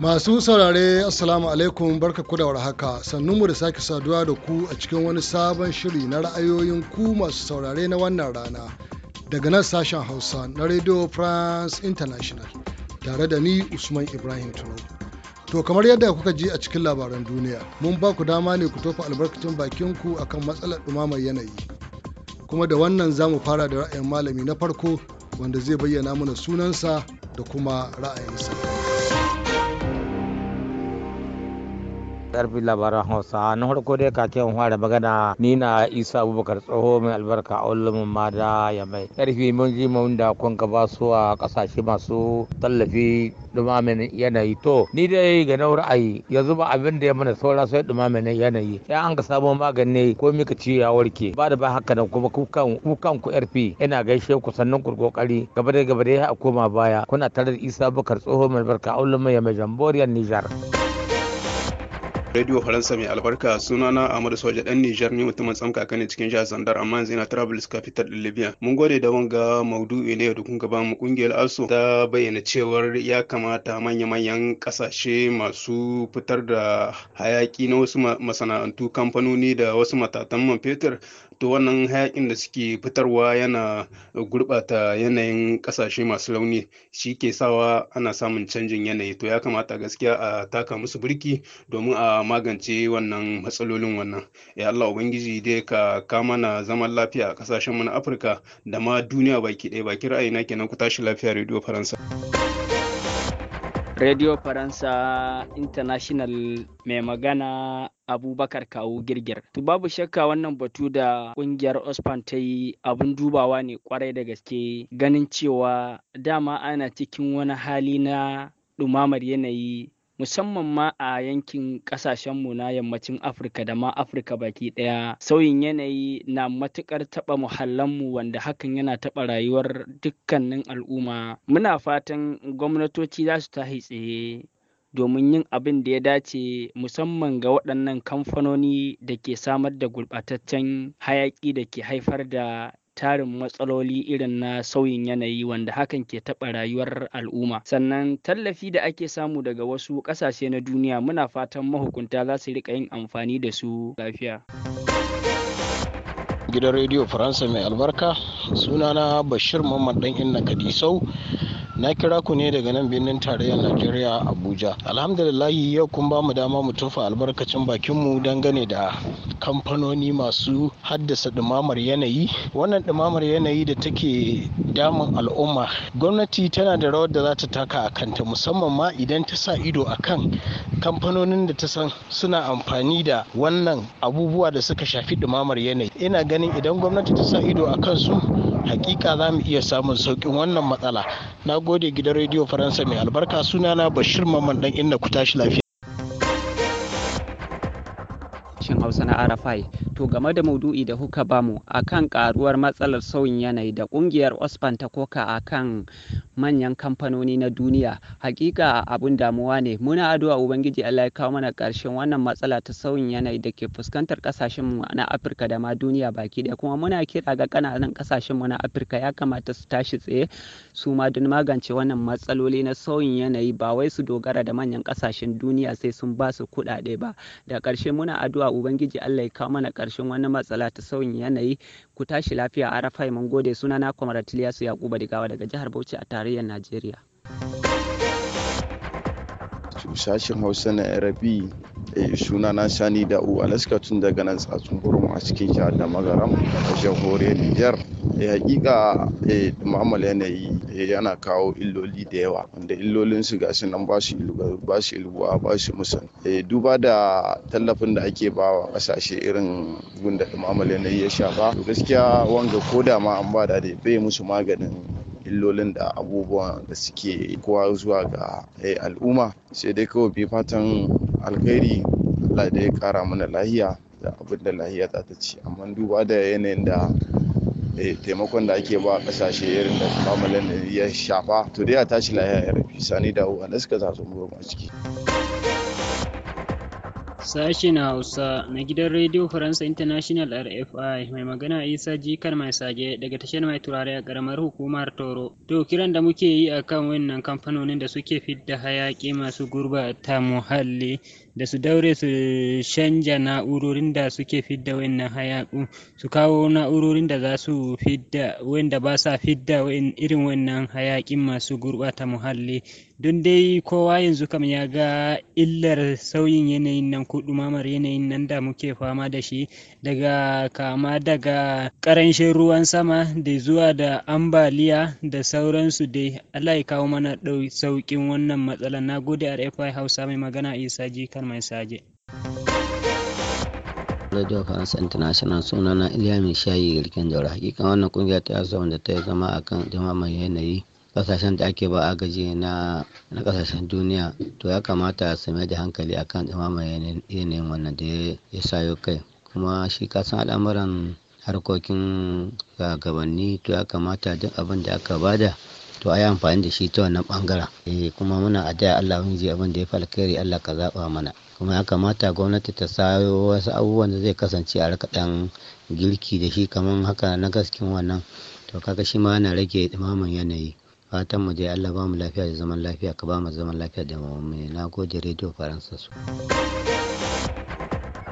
Masu saurare Assalamu alaikum barka ku da warhaka sannunmu da sake saduwa da ku a cikin wani sabon shiri na ra'ayoyin ku masu saurare na wannan rana daga nan sashen Hausa na Radio France International tare da ni Usman Ibrahim Turo. To kamar yadda kuka ji a cikin labaran duniya mun ba ku dama ne ku tofa albarkacin bakin ku akan matsalar ɗumamar yanayi. Kuma da wannan za mu fara da ra'ayin malami na farko wanda zai bayyana mana sunansa da kuma ra'ayinsa. karfi labaran hausa na farko dai kakin fara magana ni na isa abubakar tsoho mai albarka a ulumin da ya mai karfi mun ji mun da kun gaba su a kasashe masu tallafi dumamin yanayi to ni dai ga na ra'ayi yanzu ba abin da ya mana saura sai dumamin yanayi ya an ka samu magani ko mika ci ya warke ba da ba haka nan kuma kukan kukan ku karfi ina gaishe ku sannan ku kokari gaba da gaba da ya koma baya kuna tare da isa abubakar tsoho mai albarka a ulumin ya mai jamboriyar nijar. Radio Faransa mai albarka sunana ahmadu Soja dan Nijar ne mutumin tsamka ne cikin jihar Zandar amma yanzu yana Travelers Capital din Libya. Mun gode da wanga maudu'i ne da kun gaba mu kungiyar ASO ta bayyana cewar ya kamata manya-manyan kasashe masu fitar da hayaki na wasu masana'antu kamfanoni da wasu matatan man fetur to wannan hayakin da suke fitarwa yana gurbata yanayin kasashe masu launi shi ke sawa ana samun canjin yanayi to ya kamata gaskiya a taka musu birki domin a magance wannan matsalolin wannan ya Allah ubangiji dai ka kama na zaman lafiya a kasashen mu na Afirka da ma duniya baki ɗaya baki ra'ayi na kenan ku tashi lafiya Radio Faransa Radio Faransa International mai magana abubakar Kawu girgir to babu shakka wannan batu da kungiyar ospan ta yi abin dubawa ne kwarai da gaske ganin cewa dama ana cikin wani hali na dumamar yanayi musamman ma a yankin kasashenmu na yammacin afirka da ma afirka baki daya sauyin yanayi na matukar taba muhallanmu wanda hakan yana taba rayuwar dukkanin al'umma muna fatan gwamnatoci za su tahi tsaye domin yin abin da ya dace musamman ga waɗannan kamfanoni da ke samar da gurɓataccen hayaƙi da ke haifar da tarin matsaloli irin na sauyin yanayi wanda hakan ke taɓa rayuwar al'umma sannan tallafi da ake samu daga wasu ƙasashe na duniya muna fatan mahukunta za su riƙa yin amfani da su lafiya. gidan rediyo faransa mai albarka sunana bashir mamman dan inna kadisau na kira ku ne daga nan birnin tarayyar najeriya abuja alhamdulillahi yau kun ba mu dama mu tufa albarkacin bakinmu dangane da kamfanoni masu haddasa dumamar yanayi wannan dumamar yanayi da take damun al'umma gwamnati tana da rawar da za ta taka a kanta musamman ma idan ta sa ido a kan kamfanonin da ta san suna amfani da wannan abubuwa da suka shafi dumamar yanayi ina ganin idan gwamnati ta sa ido a kansu hakika za mu iya samun saukin wannan matsala na gode gidan rediyo faransa mai albarka sunana bashir maman dan inna ku tashi lafiya Hausa na RFI. To game da maudu'i da kuka bamu a kan karuwar matsalar sauyin yanayi da kungiyar Osman ta koka a kan manyan kamfanoni na duniya. Hakika abun damuwa ne. Muna addu'a Ubangiji Allah ya kawo mana karshen wannan matsala ta sauyin yanayi da ke fuskantar kasashen mu na Afirka da ma duniya baki ɗaya. Kuma muna kira ga kananan kasashen mu na Afirka ya kamata su tashi tsaye su ma don magance wannan matsaloli na sauyin yanayi ba wai su dogara da manyan kasashen duniya sai sun ba su kuɗaɗe ba. Da ƙarshe muna addu'a ubangiji allah ya kawo mana karshen wani matsala ta sauyin yanayi ku tashi lafiya arafai mun gode sunana kwamar Ilyasu Yakuba Digawa daga jihar Bauchi a tarayyar Najeriya. sashen hausa na arabi Eh, suna na da u alaska tun daga nan tsatsun gurum a cikin jihar da magaram a jamhuriyar niger eh, hakika eh, mu'amala yanayi yana kawo illoli da yawa wanda illolin su gashi nan ba su ba su ilguwa ba su musan duba da tallafin da ake ba wa kasashe irin gunda mu'amala yanayi ya sha ba. gaskiya wanga ko da ma an ba da bai musu maganin illolin da abubuwan da suke kowa zuwa ga al'umma sai dai kawai bi fatan alkhairi Allah da ya kara mana lahiya da abin da lahiya za ta ci amma duba da yanayin da eh, taimakon da ake ba ƙasashe irin da da ya shafa to dai a tashi lahiya ya rafi sani da uwa na suka zasu mu a ciki. Sashi na Hausa na gidan Radio Faransa International RFI mai magana Isa Jikar mai sage daga tashar mai turare a karamar hukumar Toro. To kiran da muke yi a kan wannan kamfanonin da suke fidda hayaƙi masu gurbata muhalli da su daure su canja na'urorin da suke fidda wa'innan hayaƙin su kawo na'urorin da za su fidda wanda ba sa fidda irin wannan hayaƙin masu gurɓata muhalli don dai kowa yanzu kam ya ga illar sauyin yanayin nan ko ɗumamar yanayin nan da muke fama da shi daga kama daga ƙarancin ruwan sama da zuwa da ambaliya da sauransu dai allah ya kawo mana sauƙin wannan matsala na gode a rfi hausa mai magana isa jikan mai saje. Radio France International suna na Iliya mai shayi garken jaura. Hakika wannan kungiya ta yasa wanda ta yi zama akan jama'a mai yanayi kasashen da ake ba agaji na na kasashen duniya to ya kamata su mai da hankali akan mai yanayin wannan da ya sayo kai kuma shi kasan al'amuran harkokin gabanni to ya kamata duk abin da aka bada to a yi amfani da shi ta wannan bangaren eh kuma muna a daya Allah wani ji abin da ya fi alkhairi Allah ka zaba mana kuma ya kamata gwamnati ta sayo wasu abubuwan da zai kasance a raka dan girki da shi kamar haka na gaskin wannan to kaga shi ma yana rage dumaman yanayi fatan mu dai Allah ba mu lafiya da zaman lafiya ka ba mu zaman lafiya da mu na gode radio faransa su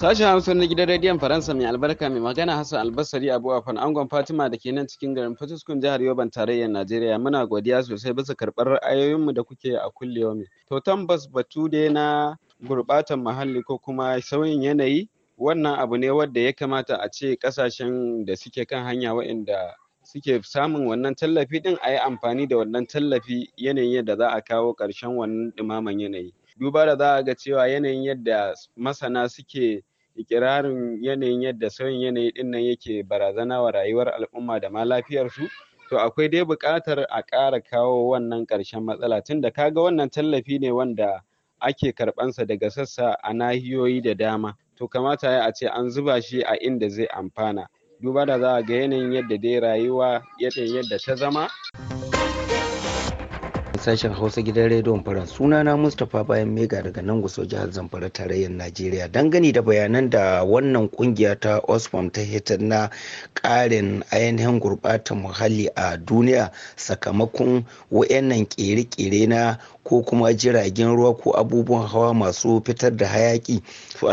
Sashen Hausa na gidan rediyon Faransa mai albarka mai magana Hassan Albasari Abu Afan angon Fatima da ke nan cikin garin Fatiskun jihar Yoban tarayyar Najeriya muna godiya sosai bisa karɓar ra'ayoyinmu da kuke a kulle yau. To tambas batu dai na gurɓatan muhalli ko kuma sauyin yanayi wannan abu ne wadda ya kamata a ce ƙasashen da suke kan hanya waɗanda suke samun wannan tallafi din a yi amfani da wannan tallafi yanayin yadda za a kawo ƙarshen wannan ɗumaman yanayi duba da za a ga cewa yanayin yadda masana suke ikirarin yanayin yadda sauyin yanayi din nan yake barazana wa rayuwar al'umma da ma lafiyarsu, to akwai dai buƙatar a ƙara kawo wannan ƙarshen matsala tunda kaga wannan tallafi ne wanda ake karɓansa daga sassa a nahiyoyi da dama to kamata ya a ce an zuba shi a inda zai amfana duba da za a ga yanayin yadda dai rayuwa yanayin yadda ta zama. sashen hausa gidan rediyon faran na mustapha bayan mega daga nan gusau jihar zamfara tarayyar najeriya dangane da bayanan da wannan kungiya ta osfam ta hitar na karin ainihin gurbatan muhalli a duniya sakamakon wayannan kere-kere na ko kuma jiragen ruwa ko abubuwan hawa masu fitar da hayaki to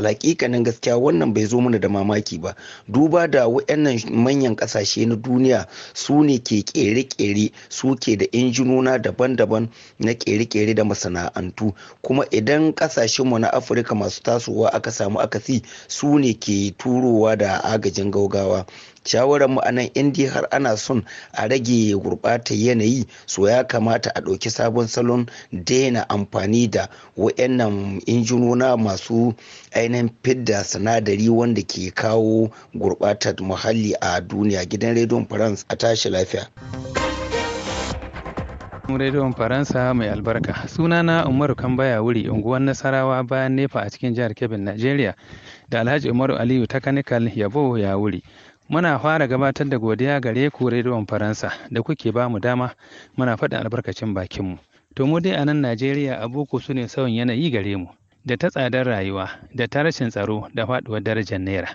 nan gaskiya wannan bai zo mana da mamaki ba duba da wayannan manyan ƙasashe na duniya su ne ke kere-kere su ke da injinuna daban-daban na ƙere-ƙere da masana'antu kuma idan ƙasashenmu na afirka masu tasowa aka samu akasi su ne ke turowa da agajin gaugawa shawarar mu anan indi har ana son a rage gurɓata yanayi so ya kamata a ɗauki sabon salon daina amfani da wayannan injinuna masu ainihin fidda sinadari wanda ke kawo gurɓatar muhalli a duniya gidan rediyon france a tashi lafiya. rediyon faransa mai albarka sunana umaru kambaya wuri unguwar nasarawa bayan nefa a cikin jihar kebbi Najeriya, da alhaji umaru aliyu ta kanikal yabo ya wuri Muna fara gabatar da godiya gare ku rediyon Faransa da kuke ba mu dama muna faɗin albarkacin bakinmu. To mu dai a nan Najeriya aboko su ne sauyin yanayi gare mu da ta tsadar rayuwa da ta rashin tsaro da faɗuwar darajar naira.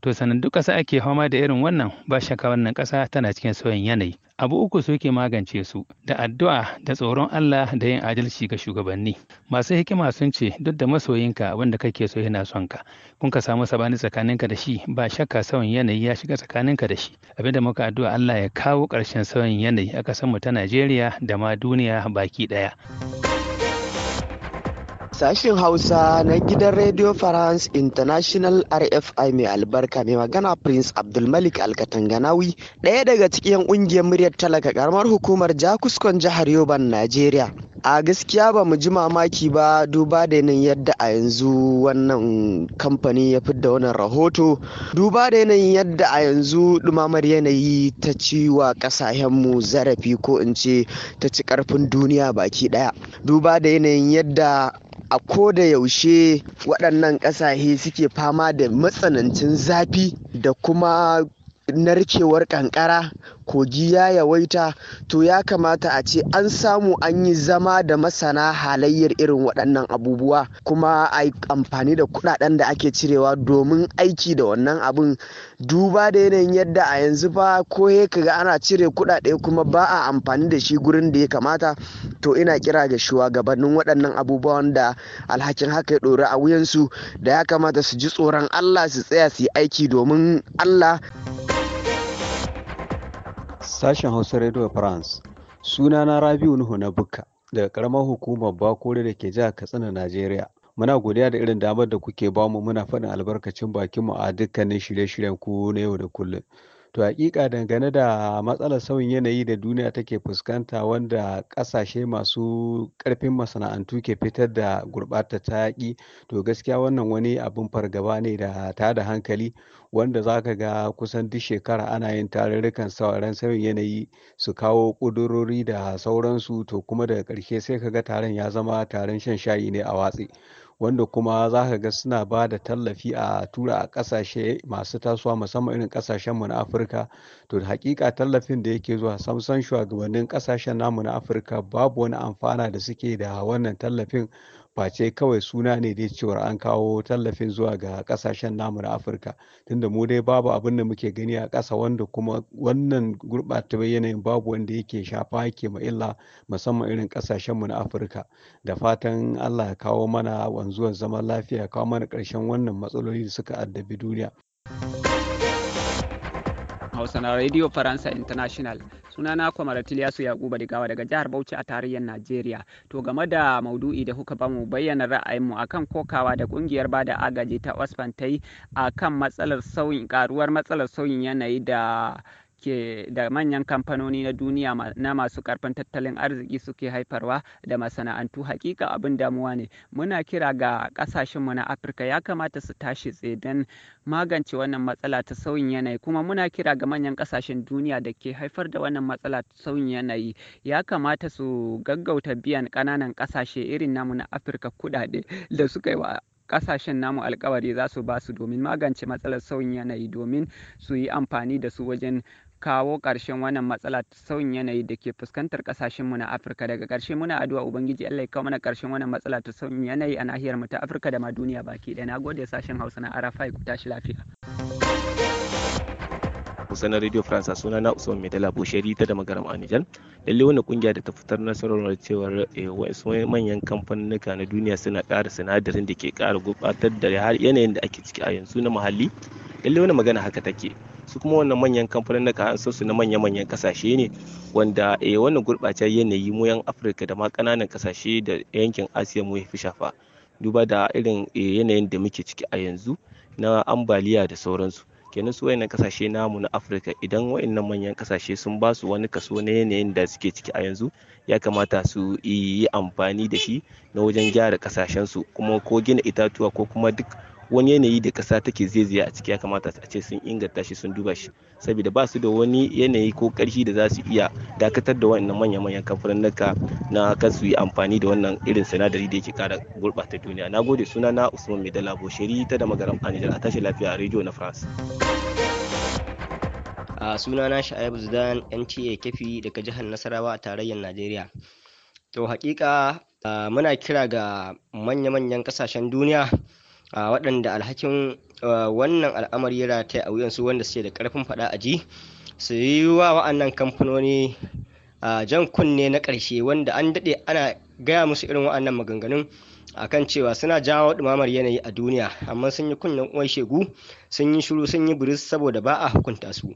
To sanin duk ƙasa ake fama da irin wannan ba shakka wannan ƙasa tana cikin sauyin yanayi abu uku su suke magance su da addu'a da tsoron Allah da yin adalci ga shugabanni masu hikima sun ce duk da masoyinka wanda kake so yana son ka kun ka samu sabani tsakaninka da shi ba shakka sauyin yanayi ya shiga tsakaninka da shi abinda muka addu'a Allah ya kawo ƙarshen sauyin yanayi a mu ta Najeriya da ma duniya baki ɗaya. Sashen Hausa na gidan Radio France International RFI mai albarka mai magana Prince Abdulmalik Alkatanganawi ɗaya daga cikin ƙungiyar muryar talaka karamar hukumar Jakuskon jihar Yoban Najeriya. A gaskiya ba mu ji mamaki ba duba da yanayin yadda a yanzu wannan kamfani ya da wannan rahoto duba da yanayin yadda a yanzu dumamar yanayi ta ci wa ƙasashenmu zarafi ko in ce ta ci ƙarfin duniya baki ɗaya duba da yanayin yadda a da yaushe waɗannan ƙasashe suke fama da matsanancin zafi da kuma narkewar ƙanƙara. kogi ya yawaita to ya kamata a ce an samu an yi zama da masana halayyar irin waɗannan abubuwa kuma a yi amfani da kuɗaɗen da ake cirewa domin aiki da wannan abin duba da yanayin yadda a yanzu ba ko kaga ana cire kuɗaɗe kuma ba a amfani da shi gurin da ya kamata to ina kira ga shugabannin waɗannan abubuwan da alhakin haka ya ɗori a wuyansu da ya kamata su ji tsoron allah su tsaya su yi aiki domin allah Sashen Hausa Radio France. suna na Rabiu Nuhu na Bukka daga karamar hukumar Bakore da ke jihar Katsina, Najeriya. Muna godiya da irin damar da kuke bamu muna faɗin albarkacin bakinmu a dukkanin shirye-shiryen ku na yau da kullum. To hakika dangane da matsalar sauyin yanayi da duniya take fuskanta wanda ƙasashe masu karfin masana'antu ke fitar da ta yaki to gaskiya wannan wani abin fargaba ne da ta da hankali wanda za ka ga kusan duk shekara ana yin tarurrukan sauran sauyin yanayi su kawo ƙudurori da sauransu to kuma daga ƙarshe sai ka ga taron ya zama taron shan shayi ne a watsi. wanda kuma za ka ga suna ba da tallafi a tura a kasashe masu tasowa musamman irin kasashen mu na afirka to da hakika tallafin da yake zuwa samsan shugabannin kasashen namu na afirka babu wani amfana da suke da wannan tallafin face kawai suna ne dai cewar an kawo tallafin zuwa ga kasashen namu na afirka tunda mu dai babu abin da muke gani a kasa wanda kuma wannan gurɓata yanayin babu wanda yake shafa yake ma illa musamman irin kasashen mu na afirka da fatan allah ya kawo mana wanzuwar zaman lafiya kawo mana ƙarshen wannan matsaloli da suka addabi duniya Hausa na Radio Faransa International. suna Sunana Kwamar Tiliyasu Yakuba gawa daga jihar Bauchi a tarayyar Najeriya. To game da maudu'i da kuka bamu bayyana ra'ayinmu akan kokawa da kungiyar bada agaji ta Osfan ta yi kan matsalar karuwar matsalar sauyin yanayi da suke da manyan kamfanoni na duniya na masu karfin tattalin arziki suke haifarwa da masana'antu hakika abin damuwa ne muna kira ga kasashenmu na afirka ya kamata su tashi tsaye don magance wannan matsala ta sauyin yanayi kuma muna kira ga manyan kasashen duniya da ke haifar da wannan matsala ta sauyin yanayi ya kamata su gaggauta biyan kananan kasashe irin namu na afirka kuɗaɗe da suka yi wa kasashen namu alkawari za su ba domin magance matsalar sauyin yanayi domin su yi amfani da su wajen kawo ƙarshen wannan matsala ta sauyin yanayi da ke fuskantar ƙasashenmu na Afirka. Daga ƙarshe muna addu'a Ubangiji Allah ya kawo mana ƙarshen wannan matsala ta sauyin yanayi a nahiyar mu ta Afirka da ma duniya baki ɗaya. Na gode sashen Hausa na Arafai ku tashi lafiya. kusa na radio france suna na usman Medela bushari ta da magaram anijan lalle wani kungiya da ta fitar nasarar cewar eh, wasu manyan kamfanunuka na duniya suna ƙara sinadarin da ke ƙara gurɓatar da yanayin da ake ciki a yanzu na muhalli lalle wani magana haka take su kuma wannan manyan kamfanin na an san su na manya-manyan kasashe ne wanda eh wannan gurɓacen yanayi mu yan afirka da ma kananan kasashe da yankin asiya mu fi shafa duba da irin eh, yanayin da muke ciki a yanzu na ambaliya da sauransu kenan su wayannan kasashe namu na afirka idan wayannan manyan kasashe sun ba su wani kaso na yanayin da suke ciki a yanzu ya kamata su yi amfani da shi na wajen gyara su kuma ko gina itatuwa ko kuma duk wani yanayi da ƙasa take zaizaya a ciki ya kamata a ce sun inganta shi sun duba shi saboda ba su da wani yanayi ko karfi da za su iya dakatar da wannan manya-manyan kamfaninnika na kan su yi amfani da wannan irin sinadari da yake kara gurɓata duniya na gode suna na usman mai dala bosheri ta da magaram a tashi lafiya a rediyo na france a suna na sha'ibu zidan nta kefi daga jihar nasarawa a tarayyar najeriya to hakika muna kira ga manya-manyan kasashen duniya waɗanda alhakin wannan al'amari ya rataya a wuyansu wanda suke da ƙarfin faɗa a ji su yi wa wa'annan kamfanoni a jan kunne na ƙarshe wanda an daɗe ana gaya musu irin wa'annan maganganun akan cewa suna jawo ɗumamar yanayi a duniya amma sun yi kunnen uwar shegu sun yi shuru, sun yi biris saboda ba a hukunta su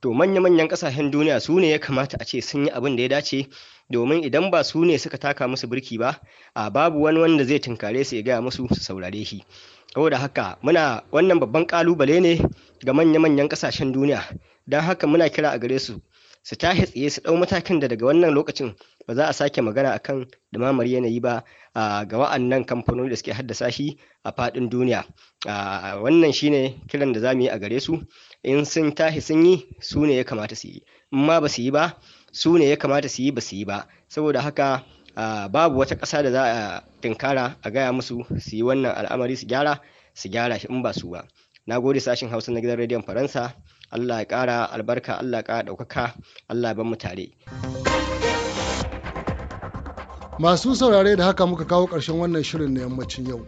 to manya-manyan ƙasashen duniya su ne ya kamata a ce sun yi abin da ya dace domin idan ba su ne suka taka musu birki ba a babu wani wanda zai tunkare su ya gaya musu su saurare shi saboda haka muna wannan babban kalubale ne ga manya-manyan kasashen duniya don haka muna kira a gare su su tashi tsaye su ɗau matakin da daga wannan lokacin ba za a sake magana akan dumamar yanayi ba ga wa'annan kamfanoni da suke haddasa shi a faɗin duniya wannan shine kiran da za mu yi a gare su in sun tashi sun yi su ne ya kamata su yi in ba su yi ba su ne ya kamata su yi ba su yi ba saboda haka Ah, babu wata ƙasa da za a tinkara a gaya musu su yi wannan al'amari su gyara su gyara shi in ba su ba na gode sashin hausa na gidan rediyon faransa allah ya ƙara albarka allah ya ƙara ɗaukaka allah ya ban mu tare masu saurare da haka muka kawo ƙarshen wannan shirin na yammacin yau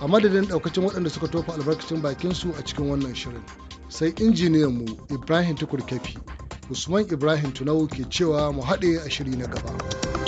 a madadin ɗaukacin waɗanda suka tofa albarkacin bakin su a cikin wannan shirin sai injiniyan mu ibrahim tukur kefi usman ibrahim tunau ke cewa mu haɗe a shiri na gaba.